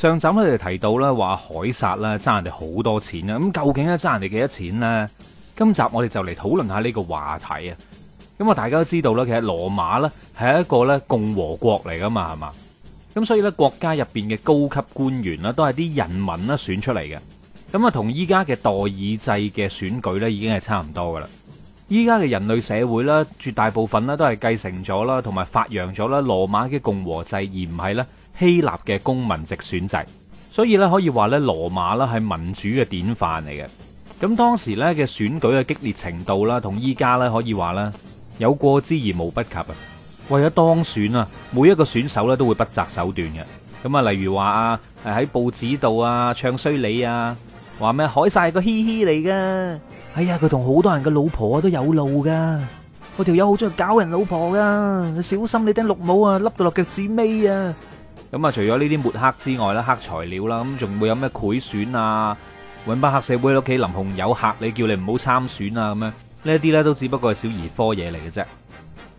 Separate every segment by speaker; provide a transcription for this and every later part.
Speaker 1: 上集咧就提到咧，話海撒啦，爭人哋好多錢啦，咁究竟咧爭人哋幾多錢呢？今集我哋就嚟討論下呢個話題啊！咁啊，大家都知道啦，其實羅馬啦係一個咧共和國嚟噶嘛，係嘛？咁所以咧，國家入邊嘅高級官員啦，都係啲人民啦選出嚟嘅。咁啊，同依家嘅代議制嘅選舉呢，已經係差唔多噶啦。依家嘅人類社會啦，絕大部分呢都係繼承咗啦，同埋發揚咗啦羅馬嘅共和制，而唔係咧。希臘嘅公民直選制，所以咧可以話咧羅馬咧係民主嘅典範嚟嘅。咁當時咧嘅選舉嘅激烈程度啦，同依家咧可以話啦有過之而無不及啊！為咗當選啊，每一個選手咧都會不擇手段嘅。咁啊，例如話啊，係喺報紙度啊，唱衰你啊，話咩海晒個嘻嘻嚟㗎。哎呀，佢同好多人嘅老婆啊都有路㗎。我條友好中意搞人老婆㗎，你小心你頂綠帽啊，笠到落腳趾尾啊！咁啊，除咗呢啲抹黑之外啦，黑材料啦，咁仲會有咩賄選啊？搵班黑社會喺屋企，林紅友嚇你，叫你唔好參選啊！咁樣呢一啲咧，都只不過係小兒科嘢嚟嘅啫。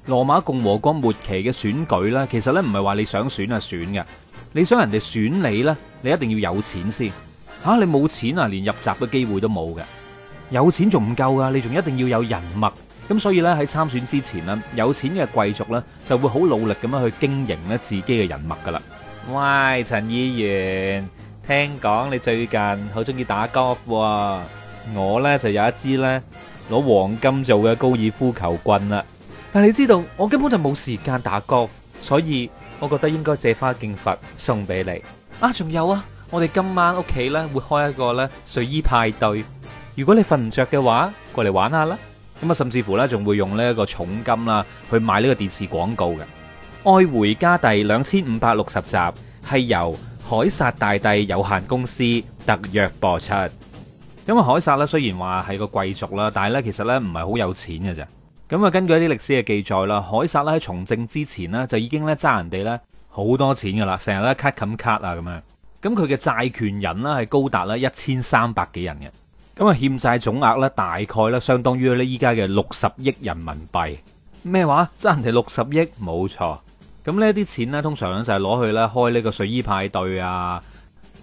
Speaker 1: 羅馬共和國末期嘅選舉咧，其實咧唔係話你想選就選嘅，你想人哋選你咧，你一定要有錢先吓、啊、你冇錢啊，連入閘嘅機會都冇嘅。有錢仲唔夠啊，你仲一定要有人脈。咁所以咧喺參選之前呢，有錢嘅貴族咧就會好努力咁樣去經營咧自己嘅人脈㗎啦。喂，陳議員，聽講你最近好中意打 golf，我呢，就有一支呢攞黃金做嘅高爾夫球棍啦。但你知道我根本就冇時間打 golf，所以我覺得應該借花敬佛送俾你。啊，仲有啊，我哋今晚屋企呢會開一個呢睡衣派對，如果你瞓唔着嘅話，過嚟玩一下啦。咁啊，甚至乎呢，仲會用呢一個重金啦去買呢個電視廣告嘅。愛回家第兩千五百六十集係由凱撒大帝有限公司特約播出。因為凱撒咧，雖然話係個貴族啦，但係咧其實咧唔係好有錢嘅咋。咁啊，根據一啲歷史嘅記載啦，凱撒咧喺從政之前呢就已經咧爭人哋咧好多錢噶啦，成日咧 cut 冚 cut 啊咁樣。咁佢嘅債權人呢係高達咧一千三百幾人嘅，咁啊欠債總額咧大概咧相當於咧依家嘅六十億人民幣。咩話？爭人哋六十億，冇錯。咁呢一啲錢呢通常咧就係攞去咧開呢個睡衣派對啊，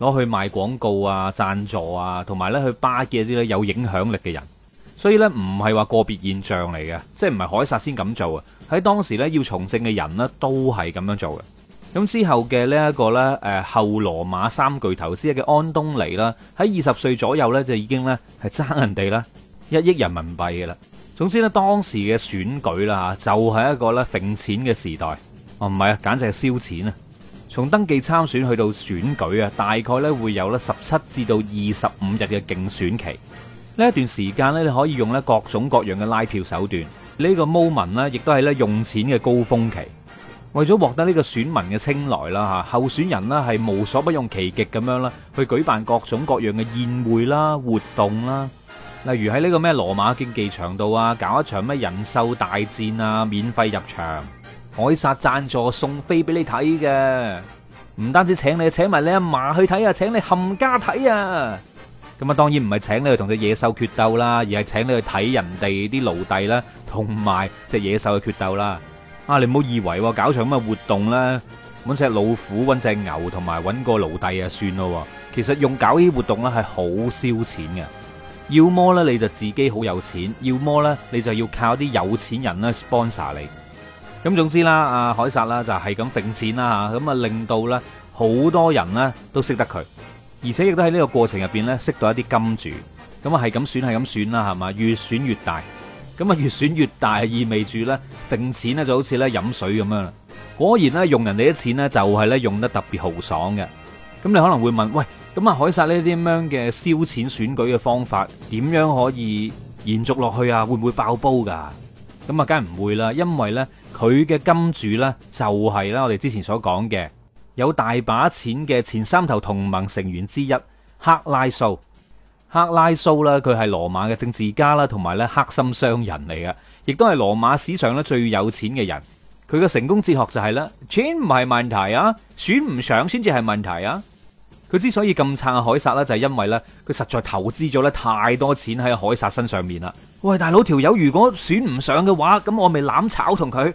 Speaker 1: 攞去賣廣告啊、贊助啊，同埋咧去巴結啲咧有影響力嘅人。所以呢，唔係話個別現象嚟嘅，即係唔係凱撒先咁做啊？喺當時呢，要從政嘅人呢都係咁樣做嘅。咁之後嘅呢一個呢，誒後羅馬三巨頭之一嘅安東尼啦，喺二十歲左右呢，就已經呢係爭人哋啦一億人民幣嘅啦。總之呢，當時嘅選舉啦，就係一個呢，揈錢嘅時代。哦，唔係啊，簡直係燒錢啊！從登記參選去到選舉啊，大概呢會有咧十七至到二十五日嘅競選期。呢一段時間呢你可以用咧各種各樣嘅拉票手段。呢、這個 moment 呢亦都係咧用錢嘅高峰期。為咗獲得呢個選民嘅青睞啦嚇，候選人呢係無所不用其極咁樣啦，去舉辦各種各樣嘅宴會啦、活動啦。例如喺呢個咩羅馬競技場度啊，搞一場咩人獸大戰啊，免費入場。凱撒贊助送飛俾你睇嘅，唔單止請你，請埋你阿嫲去睇啊，請你冚家睇啊！咁啊，當然唔係請你去同隻野獸決鬥啦，而係請你去睇人哋啲奴隸啦，同埋隻野獸嘅決鬥啦。啊，你唔好以為搞場乜活動啦，搵隻老虎、搵隻牛同埋搵個奴隸啊，算咯。其實用搞呢啲活動咧，係好燒錢嘅。要麼咧，你就自己好有錢；要麼咧，你就要靠啲有錢人咧 sponsor 你。咁，總之啦，阿凱撒啦就係咁揈錢啦嚇，咁啊令到咧好多人咧都識得佢，而且亦都喺呢個過程入邊咧識到一啲金主。咁啊，係咁選，係咁選啦，係嘛？越選越大，咁啊越選越大，意味住咧揈錢咧就好似咧飲水咁樣啦。果然咧用人哋啲錢咧就係咧用得特別豪爽嘅。咁你可能會問，喂，咁啊，凱撒呢啲咁樣嘅燒錢選舉嘅方法點樣可以延續落去啊？會唔會爆煲噶？咁啊，梗係唔會啦，因為咧，佢嘅金主呢，就係啦，我哋之前所講嘅有大把錢嘅前三頭同盟成員之一克拉蘇。克拉蘇呢，佢係羅馬嘅政治家啦，同埋咧黑心商人嚟嘅，亦都係羅馬史上咧最有錢嘅人。佢嘅成功哲學就係、是、啦，錢唔係問題啊，選唔上先至係問題啊。佢之所以咁撐阿凱撒呢就係、是、因為呢，佢實在投資咗呢太多錢喺阿凱撒身上面啦。喂，大佬條友如果選唔上嘅話，咁我咪攬炒同佢，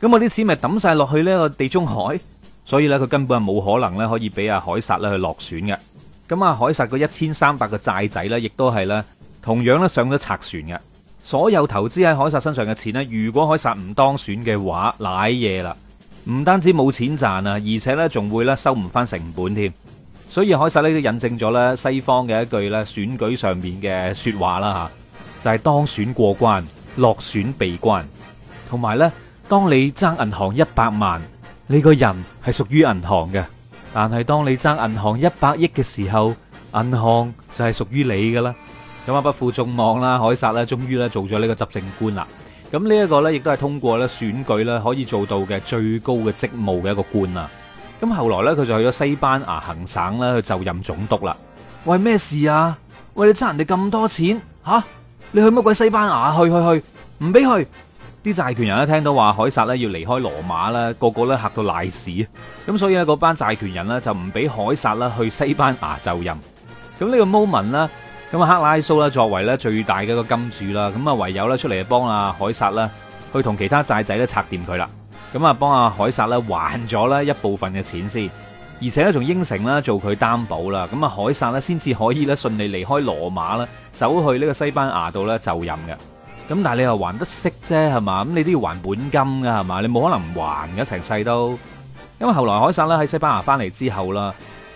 Speaker 1: 咁我啲錢咪抌晒落去呢個地中海，所以呢，佢根本係冇可能呢可以俾阿凱撒去落選嘅。咁啊凱撒個一千三百個債仔呢，亦都係呢同樣呢上咗賊船嘅所有投資喺凱撒身上嘅錢呢，如果凱撒唔當選嘅話，瀨嘢啦，唔單止冇錢賺啊，而且呢仲會呢收唔翻成本添。所以凱撒呢都印證咗咧西方嘅一句咧選舉上面嘅說話啦吓，就係當選過關，落選被關。同埋咧，當你爭銀行一百萬，你個人係屬於銀行嘅；但係當你爭銀行一百億嘅時候，銀行就係屬於你噶啦。咁啊不負眾望啦，凱撒咧終於咧做咗呢個執政官啦。咁呢一個咧亦都係通過咧選舉咧可以做到嘅最高嘅職務嘅一個官啦。咁後來咧，佢就去咗西班牙行省咧，就任總督啦。喂，咩事啊？喂，你爭人哋咁多錢吓？啊？你去乜鬼西班牙？去去去，唔俾去！啲債權人呢聽到話凱撒咧要離開羅馬啦，個個咧嚇到賴屎。咁所以咧，嗰班債權人咧就唔俾凱撒啦去西班牙就任。咁呢個 moment 啦，咁啊克拉蘇啦，作為咧最大嘅個金主啦，咁啊唯有咧出嚟啊幫阿凱撒啦，去同其他債仔咧拆掂佢啦。咁啊，幫阿凱撒咧還咗咧一部分嘅錢先，而且咧仲應承啦做佢擔保啦。咁啊，凱撒咧先至可以咧順利離開羅馬啦，走去呢個西班牙度咧就任嘅。咁但係你又還得息啫係嘛，咁你都要還本金噶係嘛，你冇可能唔還嘅成世都。因為後來凱撒咧喺西班牙翻嚟之後啦，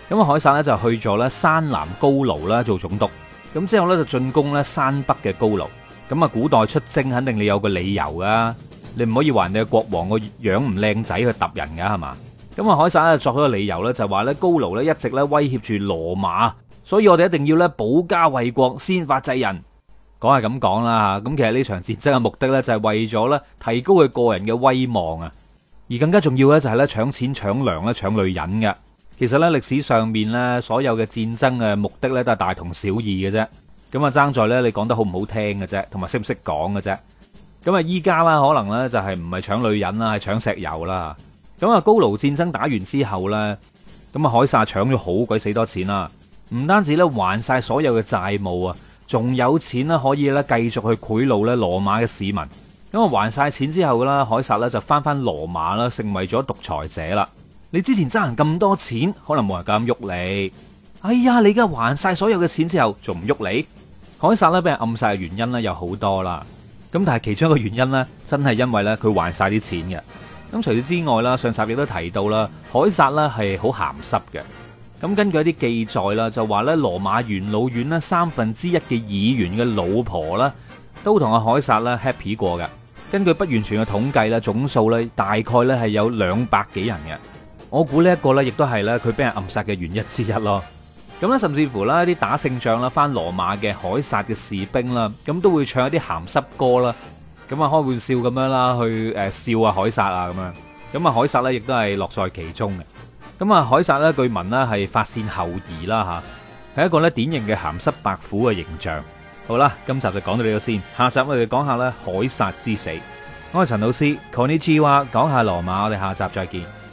Speaker 1: 咁啊凱撒咧就去咗咧山南高盧啦做總督，咁之後咧就進攻咧山北嘅高盧。咁啊古代出征肯定你有個理由㗎。你唔可以話人哋嘅國王個樣唔靚仔去揼人噶係嘛？咁啊，凱撒啊作咗個理由咧，就話咧高盧咧一直咧威脅住羅馬，所以我哋一定要咧保家衛國，先發制人。講係咁講啦，咁其實呢場戰爭嘅目的咧就係為咗咧提高佢個人嘅威望啊，而更加重要咧就係咧搶錢、搶糧、咧搶女人嘅。其實咧歷史上面咧所有嘅戰爭嘅目的咧都係大同小異嘅啫。咁啊，爭在咧你講得好唔好聽嘅啫，同埋識唔識講嘅啫。咁啊！依家啦，可能咧就係唔係搶女人啦，係搶石油啦。咁啊，高盧戰爭打完之後咧，咁啊，凱撒搶咗好鬼死多錢啦，唔單止咧還晒所有嘅債務啊，仲有錢啦可以咧繼續去賄賂咧羅馬嘅市民。咁啊，還晒錢之後啦，凱撒咧就返返羅馬啦，成為咗獨裁者啦。你之前欠人咁多錢，可能冇人敢喐你。哎呀，你而家還晒所有嘅錢之後，仲唔喐你？凱撒咧俾人暗殺嘅原因咧有好多啦。咁但係其中一個原因呢，真係因為呢，佢還晒啲錢嘅。咁除此之外啦，上集亦都提到啦，凱撒呢係好鹹濕嘅。咁根據一啲記載啦，就話呢，羅馬元老院呢三分之一嘅議員嘅老婆啦，都同阿凱撒啦 happy 過㗎。根據不完全嘅統計啦，總數呢大概呢係有兩百幾人嘅。我估呢一個呢亦都係呢，佢俾人暗殺嘅原因之一咯。咁咧，甚至乎啦，啲打勝仗啦，翻羅馬嘅凱撒嘅士兵啦，咁都會唱一啲鹹濕歌啦，咁啊開玩笑咁樣啦，去誒笑啊凱撒啊咁樣，咁啊凱撒咧亦都係樂在其中嘅。咁啊凱撒咧據聞咧係髮線後移啦吓，係一個咧典型嘅鹹濕白虎嘅形象。好啦，今集就講到呢度先，下集我哋講下咧凱撒之死。我係陳老師，Conny G 話講下羅馬，我哋下集再見。